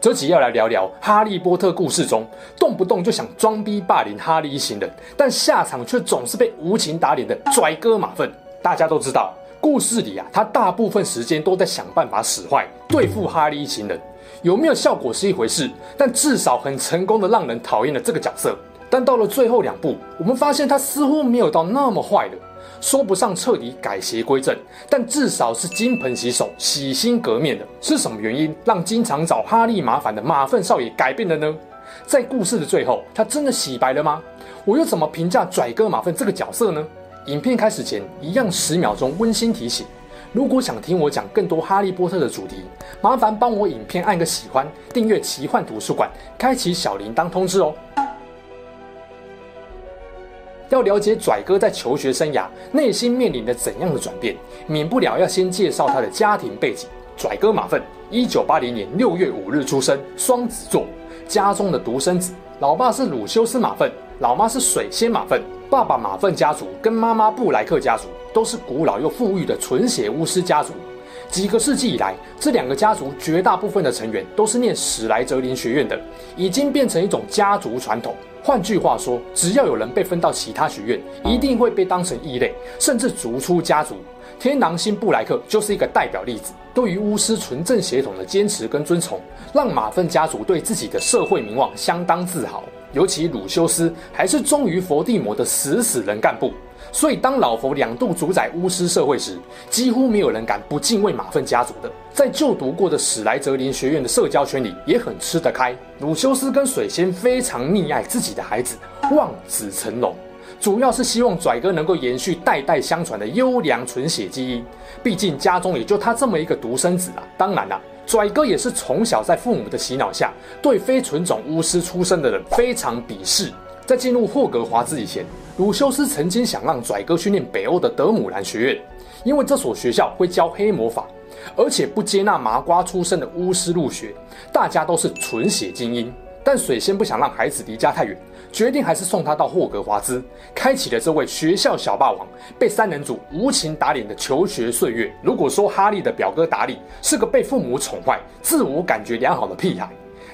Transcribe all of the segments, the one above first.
這集要來聊聊《哈利波特》故事中，動不動就想裝逼霸凌哈利一行人，但下場卻總是被無情打臉的跩哥馬份。大家都知道，故事裡啊，他大部分時間都在想辦法使壞對付哈利一行人，有沒有效果是一回事，但至少很成功的讓人討厭了這個角色。但到了最後兩部，我們發現他似乎沒有到那麼壞了。說不上徹底改邪歸正，但至少是金盆洗手、洗心革面的。是什麼原因讓經常找哈利麻煩的馬份少爺改變了呢？在故事的最後，他真的洗白了嗎？我又怎麼評價跩哥馬份這個角色呢？影片開始前，一樣十秒鐘溫馨提醒：如果想聽我講更多哈利波特的主題，麻煩幫我影片按個喜歡，訂閱奇幻圖書館，開啟小鈴鐺通知哦。要了解跩哥在求學生涯，內心面臨着怎樣的轉變，免不了要先介紹他的家庭背景。跩哥馬份，一九八零年六月五日出生，雙子座，家中的獨生子。老爸是魯修斯馬份，老媽是水仙馬份。爸爸馬份家族跟媽媽布萊克家族都是古老又富裕的純血巫師家族。幾個世紀以來，這兩個家族絕大部分的成員都是念史萊哲林學院的，已經變成一種家族傳統。換句話說，只要有人被分到其他學院，一定會被當成異類，甚至逐出家族。天狼星布萊克就是一個代表例子。對於巫師純正血統的堅持跟尊崇，讓馬份家族對自己的社會名望相當自豪。尤其魯修斯還是忠於佛地魔的食死人幹部。所以，當老佛兩度主宰巫師社會時，幾乎沒有人敢不敬畏馬份家族的。在就讀過的史萊哲林學院的社交圈裡，也很吃得開。魯修斯跟水仙非常溺愛自己的孩子，望子成龍，主要是希望跩哥能夠延續代代相傳的優良純血基因。畢竟家中也就他這麼一個獨生子啊。當然啦、啊，跩哥也是從小在父母的洗腦下，對非純種巫師出身的人非常鄙視。在進入霍格華茲以前，魯修斯曾經想讓跩哥去念北歐的德姆蘭學院，因為這所學校會教黑魔法，而且不接納麻瓜出身的巫師入學，大家都是純血精英。但水仙不想讓孩子離家太遠，決定還是送他到霍格華茲，開啟了這位學校小霸王被三人組無情打臉的求學歲月。如果說哈利的表哥達利是個被父母寵壞、自我感覺良好的屁孩，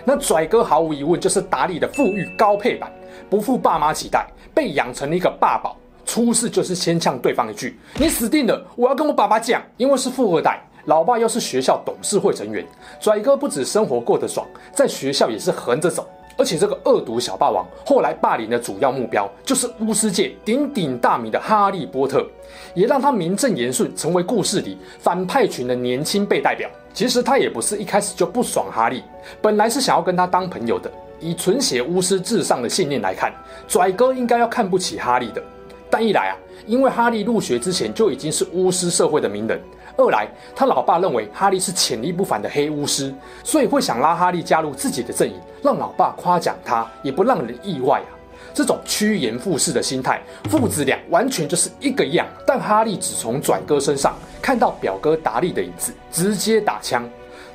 那跩哥毫無疑問就是達利的富裕高配版，不負爸媽期待，被養成了一個霸寶，出事就是先嗆對方一句：“你死定了！”我要跟我爸爸講。因為是富二代，老爸又是學校董事會成員。跩哥不只生活過得爽，在學校也是橫着走。而且這個惡毒小霸王，後來霸凌的主要目標就是巫師界鼎鼎大名的哈利波特，也讓他名正言順成為故事裡反派群的年輕輩代表。其實他也不是一開始就不爽哈利，本來是想要跟他當朋友的。以純血巫師至上的信念來看，跩哥應該要看不起哈利的。但一來啊，因為哈利入學之前就已經是巫師社會的名人；二來，他老爸認為哈利是潛力不凡的黑巫師，所以會想拉哈利加入自己的陣營，讓老爸誇獎他，也不讓人意外啊。這種趨炎附勢的心態，父子倆完全就是一個樣。但哈利只從跩哥身上看到表哥達利的影子，直接打槍。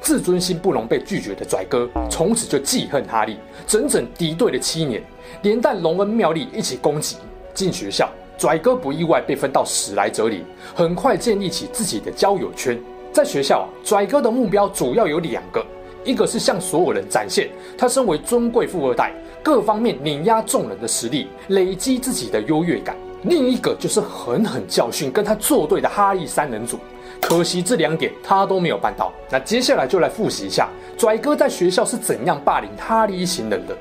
自尊心不容被拒絕的跩哥，從此就記恨哈利，整整敵對了七年，連帶榮恩、妙麗一起攻擊。進學校，跩哥不意外被分到史萊哲林，很快建立起自己的交友圈。在學校，跩哥的目標主要有兩個：一個是向所有人展現他身為尊貴富二代，各方面碾壓眾人的實力，累積自己的優越感；另一個就是狠狠教訓跟他作對的哈利三人組。可惜這兩點他都沒有辦到。那接下來就來複習一下跩哥在學校是怎樣霸凌哈利一行人的。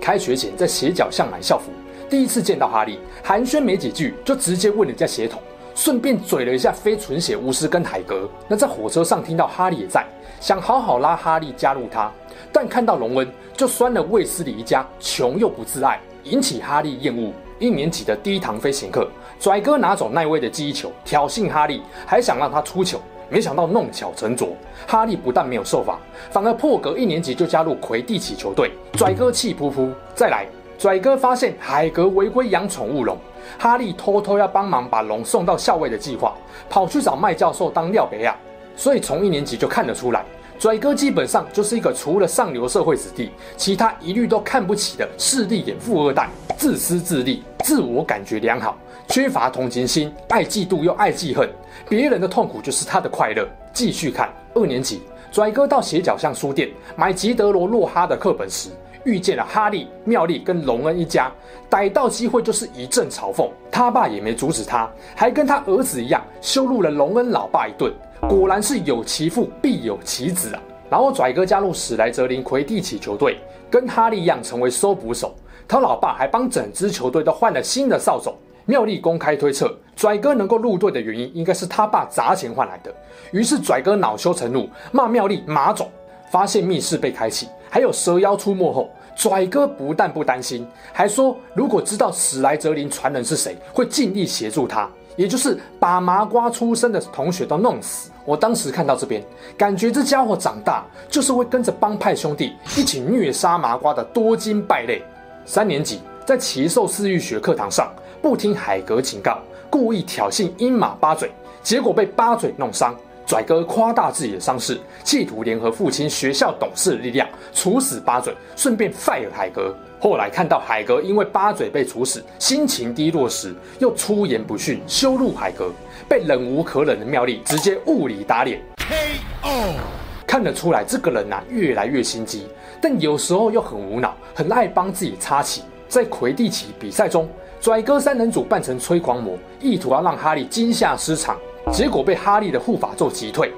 開學前在斜角巷買校服，第一次見到哈利，寒暄沒幾句就直接問人家血統，順便嘴了一下非純血巫師跟海格。那在火車上聽到哈利也在，想好好拉哈利加入他，但看到榮恩就酸了。衛斯理一家窮又不自愛，引起哈利厭惡。一年級的第一堂飛行課。跩哥拿走奈威的記憶球，挑釁哈利，還想讓他出糗，沒想到弄巧成拙。哈利不但沒有受罰，反而破格一年級就加入魁地奇球隊。跩哥氣噗噗。再來。跩哥發現海格違規養寵物龍，哈利偷偷，偷要幫忙把龍送到校尉的計劃，跑去找麥教授當廖培亞。所以從一年級就看得出來，跩哥基本上就是一個除了上流社會子弟，其他一律都看不起的勢利眼富二代，自私自利，自我感覺良好。缺乏同情心，愛嫉妒又愛記恨，別人的痛苦就是他的快樂。繼續看二年級，跩哥到斜角巷書店買吉德羅洛哈的課本時，遇見了哈利、妙麗跟榮恩一家，逮到機會就是一陣嘲諷。他爸也沒阻止他，還跟他兒子一樣羞辱了榮恩老爸一頓。果然是有其父必有其子啊！然後跩哥加入史萊哲林魁地奇球隊，跟哈利一樣成為搜捕手。他老爸還幫整支球隊都換了新的掃帚。妙麗公開推測，跩哥能夠入隊的原因應該是他爸砸錢換來的。於是跩哥惱羞成怒，罵妙麗麻種。發現密室被開啟，還有蛇妖出沒後，跩哥不但不擔心，還說如果知道史萊哲林傳人是誰，會盡力協助他，也就是把麻瓜出生的同學都弄死。我當時看到這邊，感覺這家伙長大就是會跟着幫派兄弟一起虐殺麻瓜的多金敗類。三年級。在奇獸飼育學課堂上，不聽海格警告，故意挑釁鷹馬巴嘴，結果被巴嘴弄傷。跩哥誇大自己的傷勢，企圖聯合父親學校董事的力量處死巴嘴，順便廢了海格。後來看到海格因為巴嘴被處死，心情低落時，又出言不遜，羞辱海格，被忍無可忍的妙麗直接物理打臉。K.O. 看得出來，這個人吶、啊，越來越心機，但有時候又很無腦，很愛幫自己擦起在魁地奇比賽中，跩哥三人組扮成催狂魔，意圖要讓哈利驚嚇失常，結果被哈利的護法咒擊退。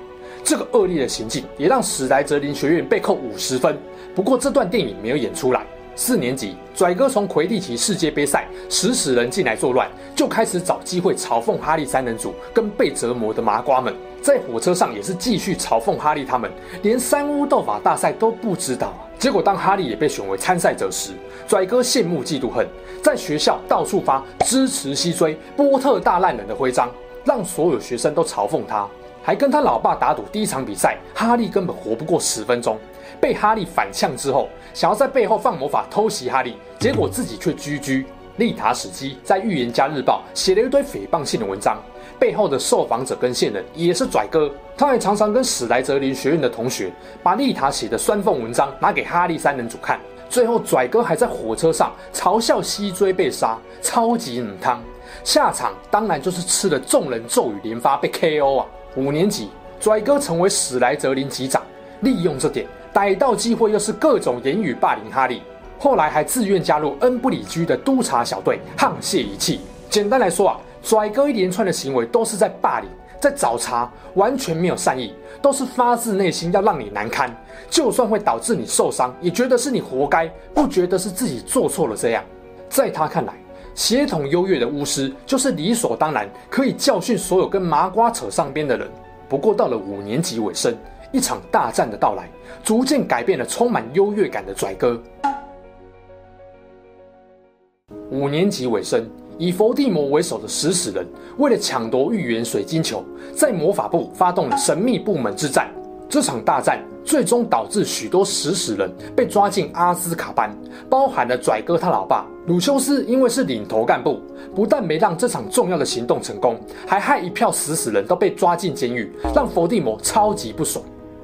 這個惡劣的行徑也讓史萊哲林學院被扣五十分。不過這段電影沒有演出來。四年級，跩哥從魁地奇世界杯賽食死人進來作亂，就開始找機會嘲諷哈利三人組跟被折磨的麻瓜們。在火車上也是繼續嘲諷哈利，他們連三巫鬥法大賽都不知道啊！結果當哈利也被選為參賽者時，跩哥羨慕嫉妒恨，在學校到處發支持西追，波特大爛人的徽章，讓所有學生都嘲諷他，還跟他老爸打賭第一場比賽哈利根本活不過十分鐘。被哈利反嗆之後，想要在背後放魔法偷襲哈利，結果自己卻 GG。麗塔史基在《預言家日報》寫了一堆誹謗性的文章，背後的受訪者跟線人也是跩哥。他還常常跟史萊哲林學院的同學把麗塔寫的酸諷文章拿給哈利三人組看。最後，跩哥還在火車上嘲笑西追被殺，超級冷湯，下場當然就是吃了眾人咒語連發被 KO 啊。五年級，跩哥成為史萊哲林級長，利用這點逮到機會又是各種言語霸凌哈利。後來還自願加入恩布里居的督察小隊，沆瀣一氣。簡單來說啊，跩哥一連串的行為都是在霸凌，在找茬，完全沒有善意，都是發自內心要讓你難堪，就算會導致你受傷，也覺得是你活該，不覺得是自己做錯了。這樣，在他看來，血統優越的巫師就是理所當然，可以教訓所有跟麻瓜扯上邊的人。不過到了五年級尾聲，一場大戰的到來，逐漸改變了充滿優越感的跩哥。五年級尾聲，以佛地魔為首的食死人為了搶奪預言水晶球，在魔法部發動了神秘部門之戰。這場大戰最終導致許多食死人被抓進阿茲卡班，包含了跩哥他老爸魯修斯。因為是領頭幹部，不但沒讓這場重要的行動成功，還害一票食死人都被抓進監獄，讓佛地魔超級不爽。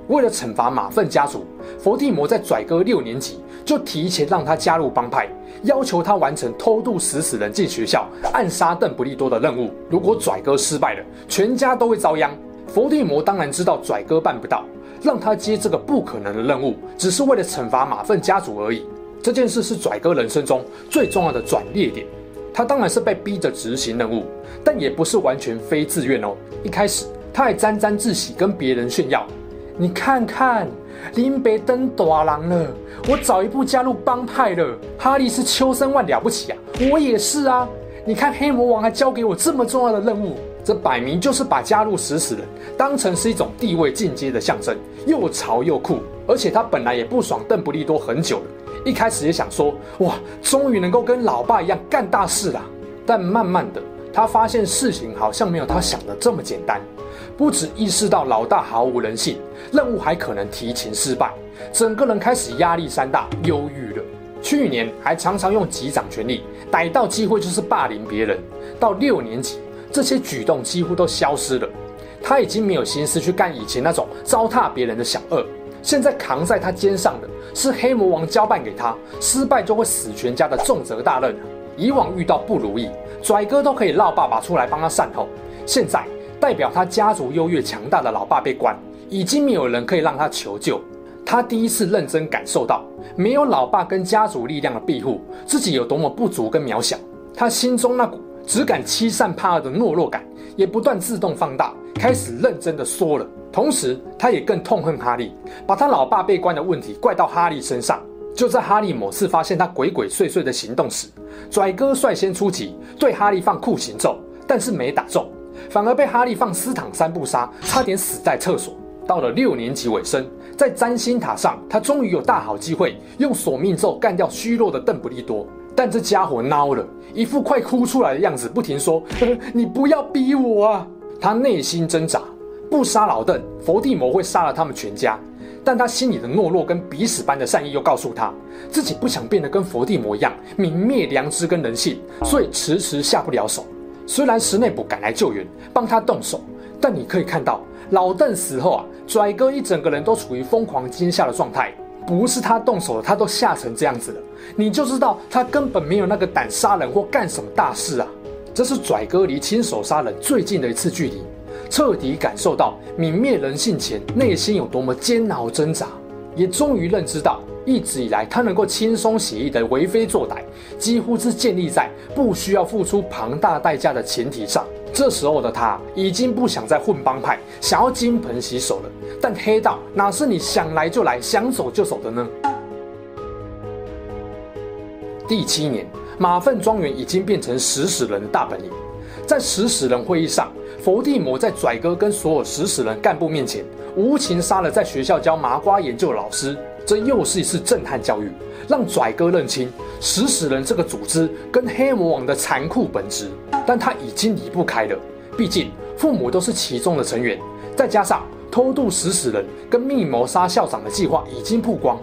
為了懲罰馬份家族，佛地魔在跩哥六年級就提前讓他加入幫派，要求他完成偷渡食死人進學校、暗殺鄧不利多的任務。如果跩哥失敗了，全家都會遭殃。佛地魔當然知道跩哥辦不到，讓他接這個不可能的任務，只是為了懲罰馬份家族而已。這件事是跩哥人生中最重要的轉捩點。他當然是被逼着執行任務，但也不是完全非自願哦。一開始他還沾沾自喜，跟別人炫耀。你看看，林北登大狼了，我早一步加入幫派了。哈利是秋生萬了不起啊，我也是啊。你看黑魔王還交給我這麼重要的任務，這擺明就是把加入食死人當成是一種地位進階的象徵，又潮又酷。而且他本來也不爽鄧不利多很久了，一開始也想說哇，終於能夠跟老爸一樣幹大事了啊。但慢慢的，他發現事情好像沒有他想的這麼簡單。不只意識到老大毫無人性，任務還可能提前失敗，整個人開始壓力山大，憂鬱了。去年還常常用級長權力逮到機會就是霸凌別人，到六年級這些舉動幾乎都消失了。他已經沒有心思去幹以前那種糟蹋別人的小惡，現在扛在他肩上的是黑魔王交辦給他，失敗就會死全家的重責大任。以往遇到不如意，跩哥都可以繞爸爸出來幫他善後，現在，代表他家族優越強大的老爸被關，已經沒有人可以讓他求救。他第一次認真感受到沒有老爸跟家族力量的庇護，自己有多麼不足跟渺小。他心中那股只敢欺善怕惡的懦弱感也不斷自動放大，開始認真的縮了。同時，他也更痛恨哈利，把他老爸被關的問題怪到哈利身上。就在哈利某次發現他鬼鬼祟祟的行動時，跩哥率先出擊，對哈利放酷刑咒，但是沒打中。反而被哈利放撕淌三步殺，差點死在廁所。到了六年級尾聲，在占星塔上，他終於有大好機會用索命咒幹掉虛弱的鄧不利多，但這家伙孬了，一副快哭出來的樣子，不停說呵呵：“你不要逼我啊！”他內心掙扎，不殺老鄧，佛地魔會殺了他們全家；但他心裡的懦弱跟鼻屎般的善意又告訴他，自己不想變得跟佛地魔一樣泯滅良知跟人性，所以遲遲下不了手。雖然石內卜趕來救援，幫他動手，但你可以看到老鄧死後啊，跩哥一整個人都處於瘋狂驚嚇的狀態。不是他動手的，他都嚇成這樣子了，你就知道他根本沒有那個膽殺人或幹什麼大事啊。這是跩哥離親手殺人最近的一次距離，徹底感受到泯滅人性前內心有多麼煎熬掙扎，也終於認知到。一直以來，他能夠輕鬆寫意的為非作歹，幾乎是建立在不需要付出龐大代價的前提上。這時候的他已經不想再混幫派，想要金盆洗手了。但黑道哪是你想來就來、想走就走的呢？第七年，馬份莊園已經變成食死人的大本營。在食死人會議上，佛地魔在跩哥跟所有食死人幹部面前，無情殺了在學校教麻瓜研究的老師。這又是一次震撼教育，讓跩哥認清食死人這個組織跟黑魔王的殘酷本質。但他已經離不開了，畢竟父母都是其中的成員。再加上偷渡食死人跟密謀殺校長的計劃已經曝光，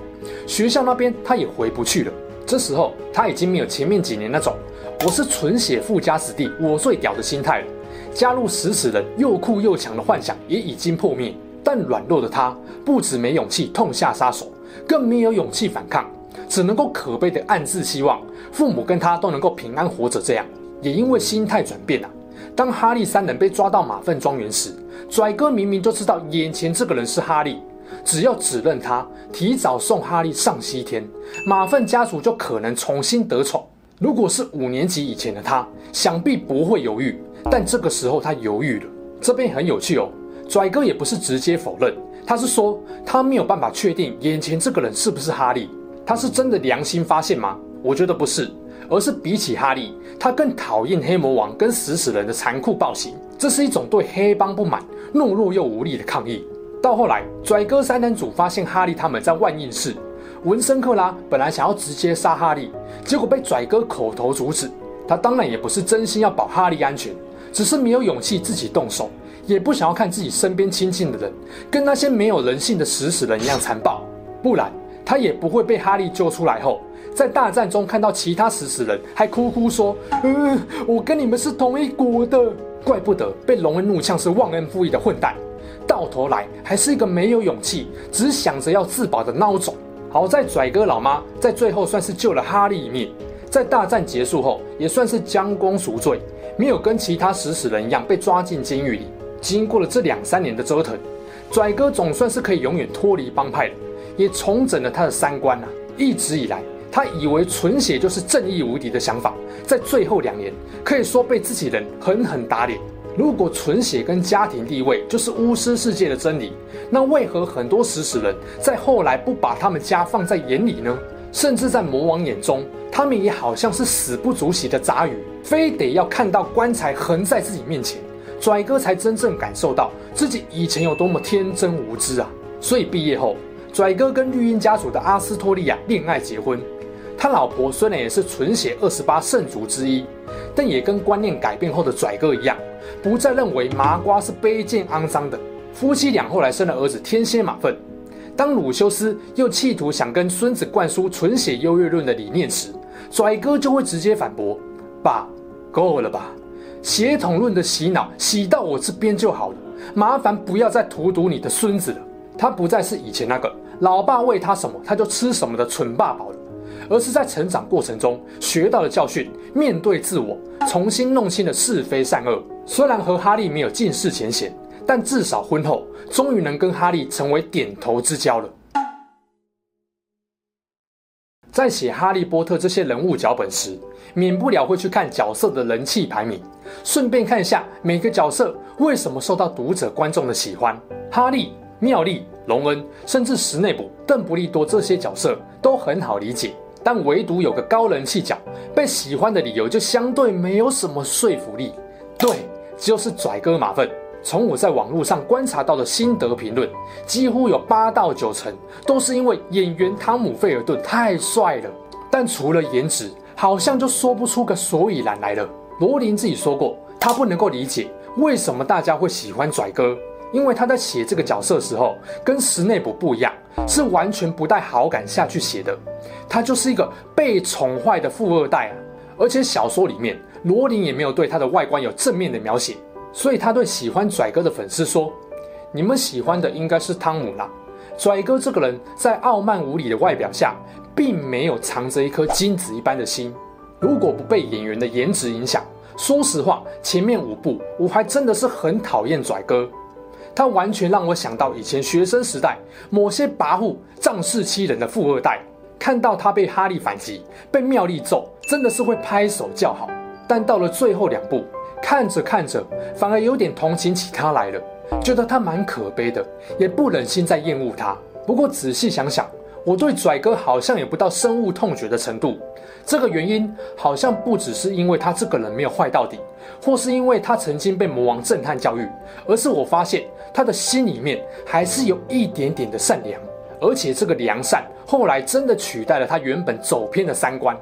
學校那邊他也回不去了。這時候他已經沒有前面幾年那種“我是純血富家子弟，我最屌”的心態了。加入食死人又酷又強的幻想也已經破滅。但軟弱的他不止沒勇氣痛下殺手，更沒有勇氣反抗，只能夠可悲的暗自希望父母跟他都能夠平安活着。這樣也因為心態轉變了啊。當哈利三人被抓到馬份莊園時，跩哥明明就知道眼前這個人是哈利，只要指認他，提早送哈利上西天，馬份家族就可能重新得寵。如果是五年級以前的他，想必不會猶豫，但這個時候他猶豫了。這邊很有趣哦，跩哥也不是直接否認。他是說，他沒有辦法確定眼前這個人是不是哈利。他是真的良心發現嗎？我覺得不是，而是比起哈利，他更討厭黑魔王跟食死人的殘酷暴行。這是一種對黑幫不滿、懦弱又無力的抗議。到後來，拽哥三人組發現哈利他們在萬應室，文森克拉本來想要直接殺哈利，結果被拽哥口頭阻止。他當然也不是真心要保哈利安全，只是沒有勇氣自己動手。也不想要看自己身邊親近的人跟那些沒有人性的食死人一樣殘暴，不然他也不會被哈利救出來後，在大戰中看到其他食死人還哭哭說：“呃，我跟你們是同一國的，怪不得被榮恩怒嗆是忘恩負義的混蛋，到頭來還是一個沒有勇氣，只想着要自保的孬種。”好在跩哥老媽在最後算是救了哈利一命，在大戰結束後也算是將功贖罪，沒有跟其他食死人一樣被抓進監獄裡。經過了這兩三年的折騰，跩哥總算是可以永遠脫離幫派了，也重整了他的三觀吶、啊。一直以來，他以為純血就是正義無敵的想法，在最後兩年可以說被自己人狠狠打臉。如果純血跟家庭地位就是巫師世界的真理，那為何很多食死人在後來不把他們家放在眼裡呢？甚至在魔王眼中，他們也好像是死不足惜的雜魚，非得要看到棺材橫在自己面前。跩哥才真正感受到自己以前有多麼天真無知啊！所以畢業後，跩哥跟綠茵家族的阿斯托利亞戀愛結婚。他老婆雖然也是純血二十八聖族之一，但也跟觀念改變後的跩哥一樣，不再認為麻瓜是卑賤骯,骯髒的。夫妻倆後來生了兒子天蠍馬份。當魯修斯又企圖想跟孫子灌輸純血優越論的理念時，跩哥就會直接反駁：“爸，夠了吧？”血統論的洗腦洗到我這邊就好了，麻煩不要再荼毒你的孫子了。他不再是以前那個老爸餵他什麼他就吃什麼的蠢爸寶了，而是在成長過程中學到了教訓，面對自我，重新弄清了是非善惡。雖然和哈利沒有盡釋前嫌，但至少婚後終於能跟哈利成為點頭之交了。在寫《哈利波特》這些人物腳本時，免不了會去看角色的人氣排名，順便看一下每個角色為什麼受到讀者觀眾的喜歡。哈利、妙麗、榮恩，甚至石內卜、鄧不利多這些角色都很好理解，但唯獨有個高人氣角，被喜歡的理由就相對沒有什麼說服力。對，就是跩哥馬份。從我在網絡上觀察到的心得評論，幾乎有八到九成都是因為演員湯姆·費爾頓太帥了。但除了顏值，好像就說不出個所以然來了。羅琳自己說過，她不能夠理解為什麼大家會喜歡跩哥，因為她在寫這個角色的時候跟石內卜不一樣，是完全不帶好感下去寫的。他就是一個被寵壞的富二代啊，而且小說裡面羅琳也沒有對他的外觀有正面的描寫。所以他對喜歡拽哥的粉絲說：“你們喜歡的應該是湯姆啦，拽哥這個人，在傲慢無禮的外表下，並沒有藏着一顆金子一般的心。如果不被演員的顏值影響，說實話，前面五部我還真的是很討厭拽哥，他完全讓我想到以前學生時代某些跋扈、仗勢欺人的富二代。看到他被哈利反擊，被妙麗揍，真的是會拍手叫好。但到了最後兩部。”看着看着，反而有點同情起他來了，覺得他蠻可悲的，也不忍心再厭惡他。不過仔細想想，我對跩哥好像也不到深惡痛絕的程度。這個原因好像不只是因為他這個人沒有壞到底，或是因為他曾經被魔王震撼教育，而是我發現他的心裡面還是有一點點的善良，而且這個良善後來真的取代了他原本走偏的三觀。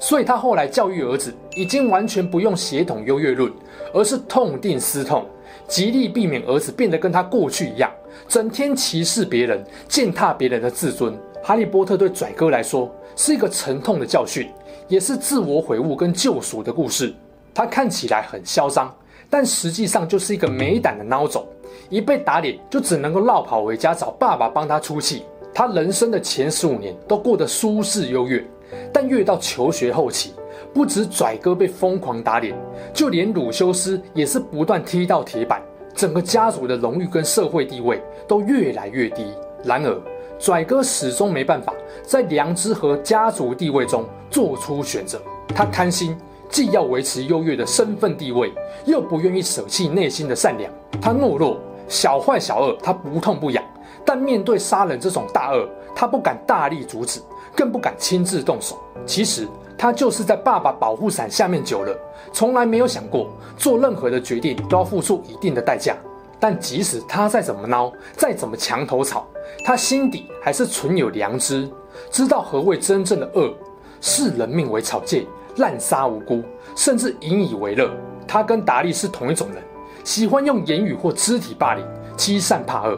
所以他後來教育兒子，已經完全不用血統優越論，而是痛定思痛，極力避免兒子變得跟他過去一樣，整天歧視別人，踐踏別人的自尊。哈利波特對拽哥來說是一個沉痛的教訓，也是自我悔悟跟救贖的故事。他看起來很囂張，但實際上就是一個沒膽的孬種，一被打臉就只能夠落跑回家找爸爸幫他出氣。他人生的前十五年都過得舒適優越。但越到求學後期，不止跩哥被瘋狂打臉，就連魯修斯也是不斷踢到鐵板，整個家族的榮譽跟社會地位都越來越低。然而，跩哥始終沒辦法在良知和家族地位中做出選擇。他貪心，既要維持優越的身份地位，又不願意舍棄內心的善良。他懦弱，小壞小惡他不痛不癢，但面對殺人這種大惡，他不敢大力阻止。更不敢親自動手。其實他就是在爸爸保護傘下面久了，從來沒有想過做任何的決定都要付出一定的代價。但即使他再怎麼孬，再怎麼牆頭草，他心底還是存有良知，知道何謂真正的惡，視人命為草芥，濫殺無辜，甚至引以為樂。他跟達利是同一種人，喜歡用言語或肢體霸凌，欺善怕惡，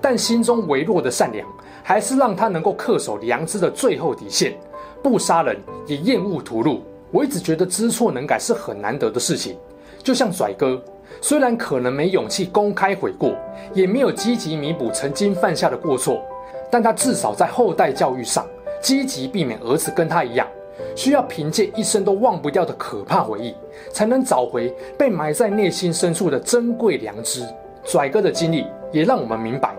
但心中微弱的善良。還是讓他能夠恪守良知的最後底線，不殺人，也厭惡屠戮。我一直覺得知錯能改是很難得的事情。就像跩哥，雖然可能沒勇氣公開悔過，也沒有積極彌補曾經犯下的過錯，但他至少在後代教育上積極避免兒子跟他一樣，需要憑借一生都忘不掉的可怕回憶，才能找回被埋在內心深處的珍貴良知。跩哥的經歷也讓我們明白，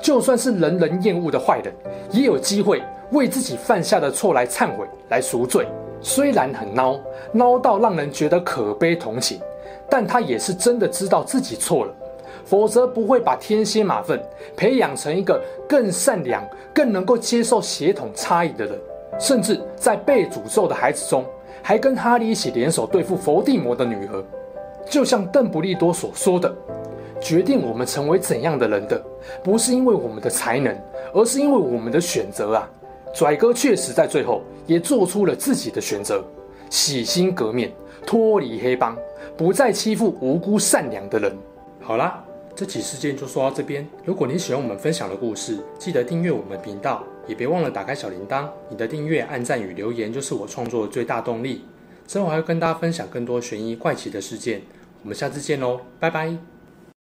就算是人人厭惡的壞人，也有機會為自己犯下的錯來懺悔、來贖罪。雖然很孬，孬到讓人覺得可悲同情，但他也是真的知道自己錯了，否則不會把天蠍馬份培養成一個更善良、更能夠接受血統差異的人。甚至在被詛咒的孩子中，還跟哈利一起聯手對付佛地魔的女兒。就像鄧不利多所說的。決定我們成為怎樣的人的，不是因為我們的才能，而是因為我們的選擇啊！跩哥確實在最後也做出了自己的選擇，洗心革面，脫離黑幫，不再欺負無辜善良的人。好啦，這起事件就說到這邊。如果你喜歡我們分享的故事，記得訂閱我們頻道，也別忘了打開小鈴鐺。你的訂閱、按讚與留言就是我創作的最大動力。之後還會跟大家分享更多懸疑怪奇的事件。我們下次見嘍，拜拜。